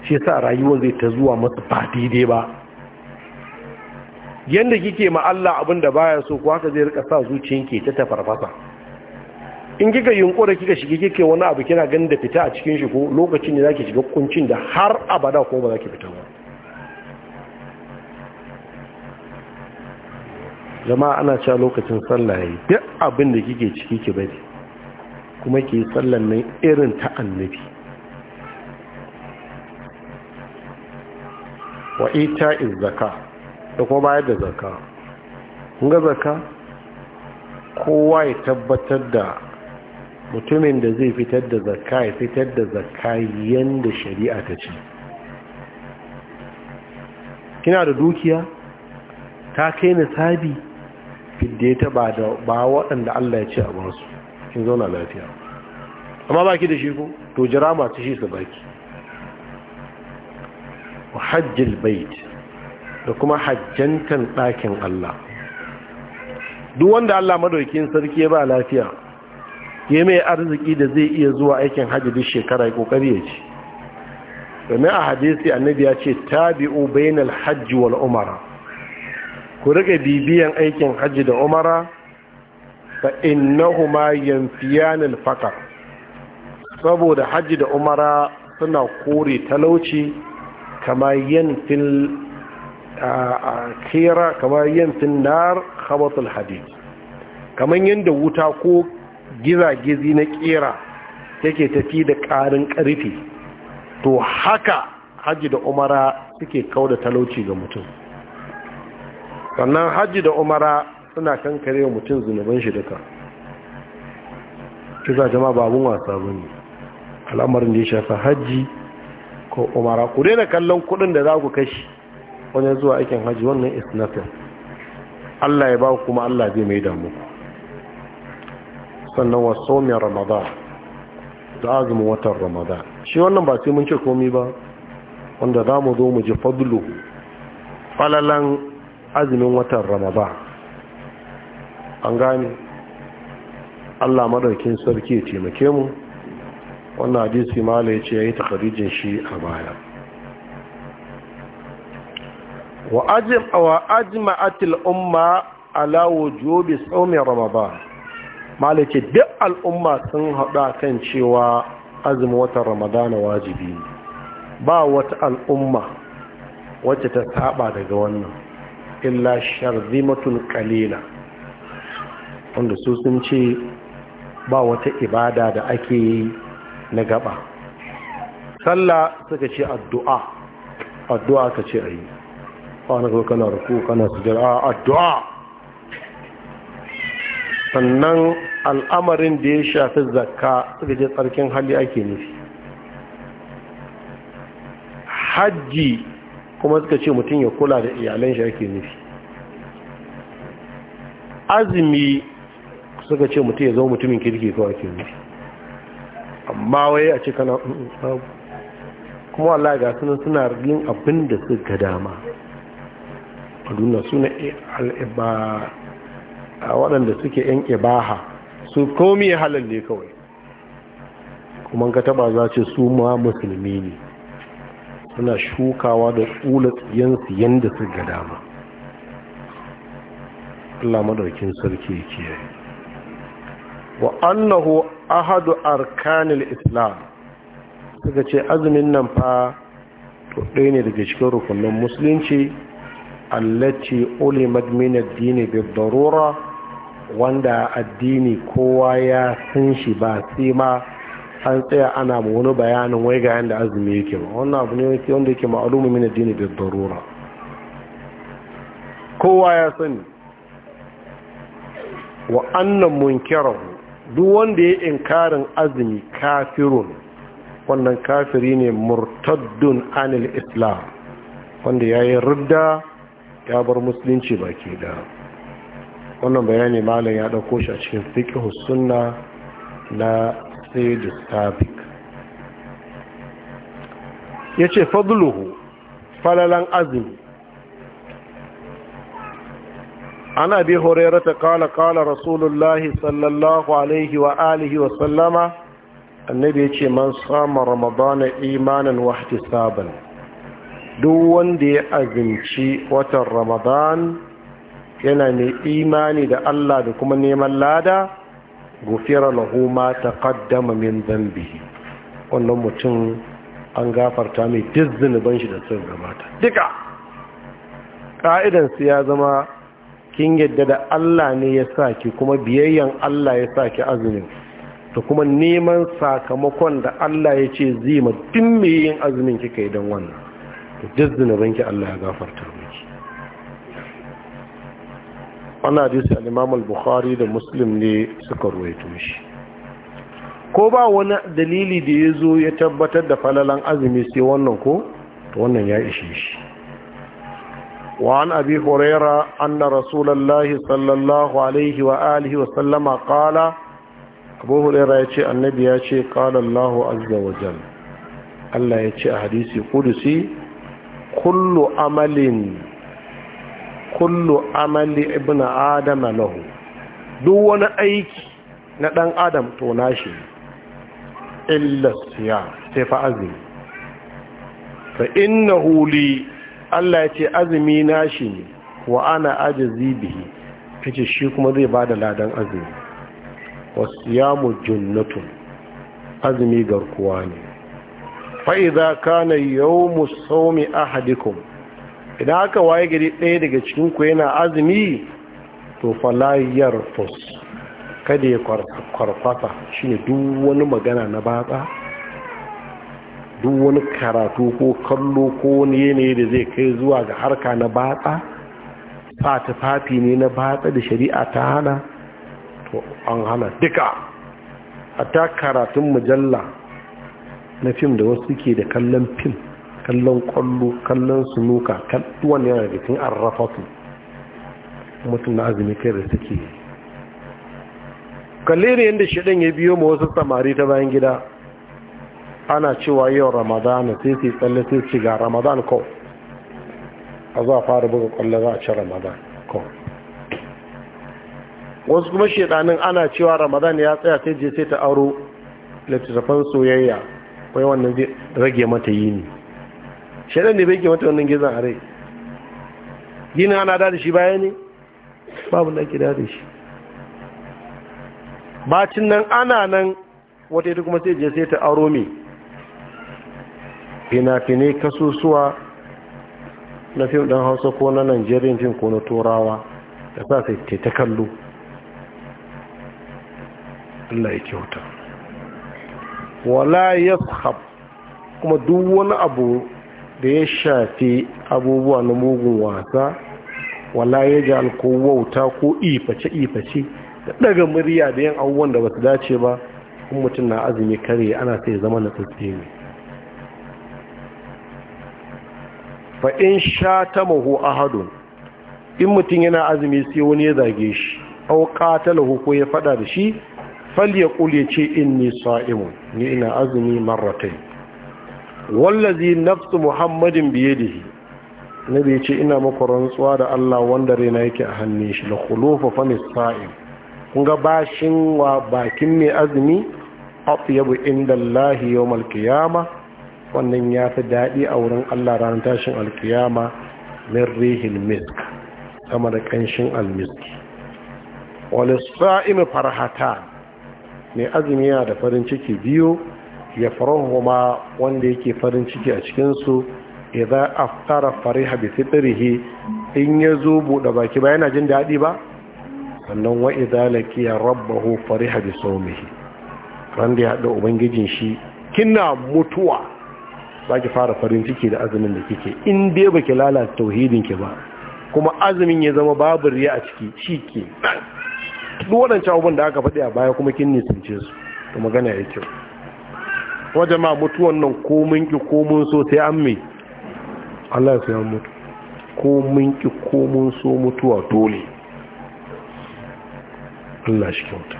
shi sa rayuwa zai ta zuwa masu ba daidai ba yadda kike ma Allah abin da baya so ko ka zai rika sa ke ta tafarfasa in kika yunkura kika shige kike wani abu kina ganin da fita a cikin shi ko lokacin da zaki shiga kuncin da har abada ko ba zaki fita ba Zama ana cewa lokacin sallah yayi duk abin da kike ciki ki bari kuma ki sallan nan irin ta annabi wa ita'iz zakka da kuma bayar da zakka kun ga zakka kowa ya tabbatar da mutumin da zai fitar da zakka ya fitar da zakka yanda shari'a ta ce kina da dukiya ta kai nisabi fidda ta ba da ba waɗanda Allah ya ce a ba in zauna lafiya amma baki da shi ko to jira masu shi su baki wa hajjil bait da kuma hajjantan ɗakin Allah duk wanda Allah madaukin sarki ya ba lafiya ya mai arziki da zai iya zuwa aikin hajji duk shekara ya kokari ya ci domin a hadisi annabi ya ce tabi'u bainal hajji wal umara ku rike bibiyan aikin hajji da umara fa innahuma yanfiyanil saboda hajji da umara suna kore talauci kama yanfil kira kama yanfil nar khabatul hadid kaman yanda wuta ko gizagizi na kira take tafi da karin karfi to haka hajji da umara suke kauda talauci ga mutum sannan hajji da umara suna kankare wa mutum zunuban shi duka kisa jama babun wasa ba ne al'amarin da ya shafa hajji ko umara ku daina kallon kudin da za ku kashi wani zuwa aikin hajji wannan is nothing Allah ya ba kuma Allah zai mai damu sannan wasu mai ramada da azumin watan ramadan shi wannan ba sai mun ce komi ba wanda za mu zo mu ji fadlu falalan azumin watan ramadan an gane allah madaukin sarki ya taimake mu wannan hadisi mala ya ce ya yi takarijin shi a baya wa ajma'atil umma alawo wujubi tsaumin ramadan mala ce duk al'umma sun haɗa kan cewa azumin watan na wajibi ba wata al'umma wacce ta saba daga wannan illa sharzimatul kalila wanda su sun ce ba wata ibada da ake yi na gaba sallah suka ce addu'a addu'a ka ce ayi wani ko kana ruku kana a addu'a sannan al'amarin da ya shafi zakka suka ce tsarkin hali ake nufi hajji kuma suka ce mutum ya kula da iyalan shi ake nufi azumi suka ce mutum ya zama mutumin kirki kawai ake nufi amma wai a cikin abu kuma Allah ga suna suna yin abin da suka dama suna al'iba a waɗanda suke yan ibaha su komi halal ne kawai kuma ka taba za ce su ma musulmi ne suna shukawa da tsula tsiyansu yadda su ga dama Allah madaukin sarki kiyaye wa annahu ahadu arkanil islam suka ce azumin nan fa to ɗaya ne daga cikin rukunin musulunci allaci ulimat madmina addini bi darura wanda addini kowa ya san shi ba sai ma an tsaya ana ma wani bayanin wai ga yanda azumi yake ba wannan abu ne wanda yake ma'alumin min addini da darura kowa ya sani wa annan munkarahu duk wanda ya inkarin azumi kafirun wannan kafiri ne murtaddun anil islam wanda ya yi rudda ya bar musulunci baki da wannan bayani malam ya ɗauko shi a cikin fiqh sunna na sayyid sabiq yace fadluhu falalan azumi ana bi hurairata kala-kala, rasulullahi sallallahu alaihi wa alihi wa sallama annabi yace man sama ramadana imanin wa ihtisaban duk wanda ya azumci watan ramadan yana mai imani da Allah da kuma neman lada gufira lahuma ta kaddama min zambi wannan mutum an gafarta mai duk zunuban shi da sun gabata duka ƙa'idansu ya zama kin yadda da Allah ne ya sa ki kuma biyayyan Allah ya sa ki azumin da kuma neman sakamakon da Allah ya ce zima duk mai yin azumin kika yi don wannan duk zunuban ki Allah ya gafarta wani hadisi al-imam al-bukhari da muslim ne suka ruwaito shi ko ba wani dalili da ya zo ya tabbatar da falalan azumi sai wannan ko wannan ya ishe shi وعن أبي هريرة أن رسول الله صلى الله عليه وآله وسلم قال أبو هريرة يتي النبي يتي قال الله عز وجل الله يتي حديث قدسي كل عمل kullu amali ibn adam lahu duk wani aiki na dan adam to nashi illa siya sai fa azumi fa innahu li Allah ya ce azumi nashi ne wa ana ajzi bihi kace shi kuma zai bada ladan azumi wasiyamu junnatu azumi garkuwa ne fa idza kana yawmus sawmi ahadikum idan aka waye gari ɗaya daga cikin ku yana azumi to falayar fos kada ya shi Shin duk wani magana na batsa duk wani karatu ko kallo ko wani yanayi da zai kai zuwa ga harka na batsa fafi ne na batsa da shari'a ta hana to an hana duka a ta karatun mujalla na fim da wasu ke da kallon fim kallon kwallo kallon sunuka kalluwan yana da cikin arrafatu mutum na azumi kai da suke kalli ne yadda shidan ya biyo ma wasu samari ta bayan gida ana cewa yau ramadana sai sai tsalle sai su ga ramadan ko a za a fara buga kwallo za a ci ramadan ko wasu kuma shidanin ana cewa ramadan ya tsaya sai je sai ta aro littattafan soyayya wai wannan zai rage mata yini shaidan ne bai ke mata wannan gizon harai gina ana da shi baya ne babu da ke da shi bacin nan ana nan wata ita kuma sai je sai ta aro me fina-finai kasusuwa na fim ɗan hausa ko na nigerian fim ko na turawa da sa sai ta kallo Allah ya kyauta wala ya kuma duk wani abu da ya shafi abubuwa na mugun wasa wala ya ji alkowauta ko iface-iface da daga murya da yin abubuwan da ba su dace ba kuma mutum na azumi kare ana sai zama na tsatsi ne in sha ta a ahadun in mutum yana azumi sai wani ya zage shi auka ko ya fada da shi fal ya kule ce in ni sa'imun ni ina azumi marratai wallazi nafsu muhammadin shi nabi bai ce ina maku rantsuwa da Allah wanda raina yake a hannun shi da kulofa fa nisfa'in kun ga bashin wa bakin mai azumi atyabu inda Allah yawmal wannan ya fi daɗi a wurin Allah ranar tashin alkiyama min rihil misk sama da kanshin almisk wal sa'im farhatan mai azumi yana da farin ciki biyu ya farahuma wanda yake farin ciki a cikinsu idan aftara fariha bi fitrihi in ya zo buɗe baki ba yana jin daɗi ba sannan wa idan laqiya rabbahu fariha bi sawmihi ran da ya haɗa ubangijin shi kina mutuwa za ki fara farin ciki da azumin da kike in dai baki lalata tauhidin ki ba kuma azumin ya zama babu riya a ciki shike duk waɗancan abubuwan da aka faɗi a baya kuma kin nisance su to magana ya kyau kuma jama'a mutuwan nan ko mun ki ko mun so sai an me Allah sai an mutu ko mun ki ko mun so mutuwa dole Allah shi kyauta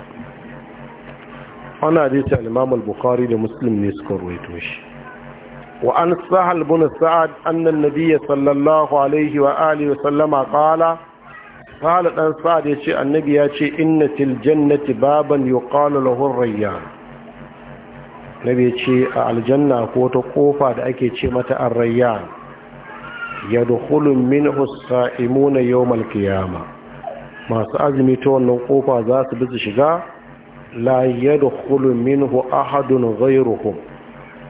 ana da ta al-Imam al-Bukhari da Muslim ne suka ruwaito shi wa an sahal bin sa'ad anna an-nabiy sallallahu alaihi wa alihi wa sallama qala qala dan sa'ad yace annabi yace innatil jannati baban yuqalu lahu ar-rayyan nabi bai ce a aljanna ko ta kofa da ake ce mata rayya ya dukulun min husa imuna yau malkiyama masu azumi ta wannan kofa za su bi su shiga la ya dukulun min hu ahadun gairuhum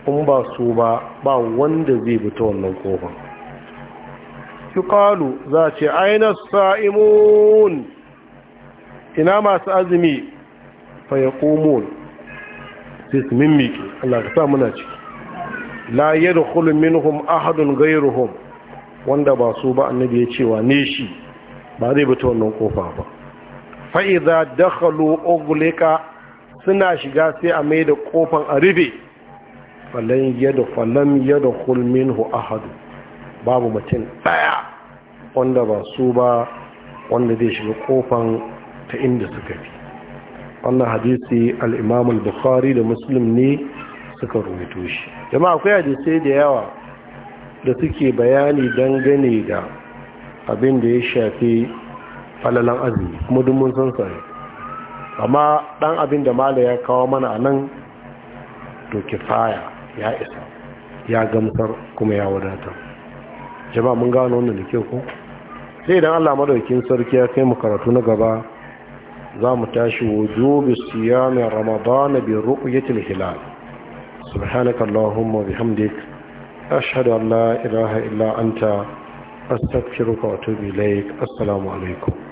in ba su ba ba wanda zai bi ta wannan kofa kalu za ce aina sa'imun ina masu azumi fa yaqumuna sai min mimmiki Allah ka sa muna ciki la yadkhulu minhum ahadun ghayruhum wanda ba su ba annabi ya cewa ne shi ba zai bi ta wannan kofa ba Fa'iza, idza dakhalu suna shiga sai a mai da kofan a rufe falan yadu falam yadkhul minhu ahadun babu mutum ɗaya. wanda ba su ba wanda zai shiga kofan ta inda suka fi wannan hadisi al bukhari da muslim ne suka rubuto shi jama'a akwai hadisai da yawa da suke bayani dangane da abin da ya shafi falalan azumi kuma duk mun san sai amma dan abin da mala ya kawo mana a nan to kifaya ya isa ya gamsar kuma ya wadata jama'a mun gano wannan da kyau ko sai idan Allah madaukin sarki ya kai mu karatu na gaba زامتاش وجوب الصيام رمضان برؤية الهلال سبحانك اللهم وبحمدك أشهد أن لا إله إلا أنت أستغفرك وأتوب إليك السلام عليكم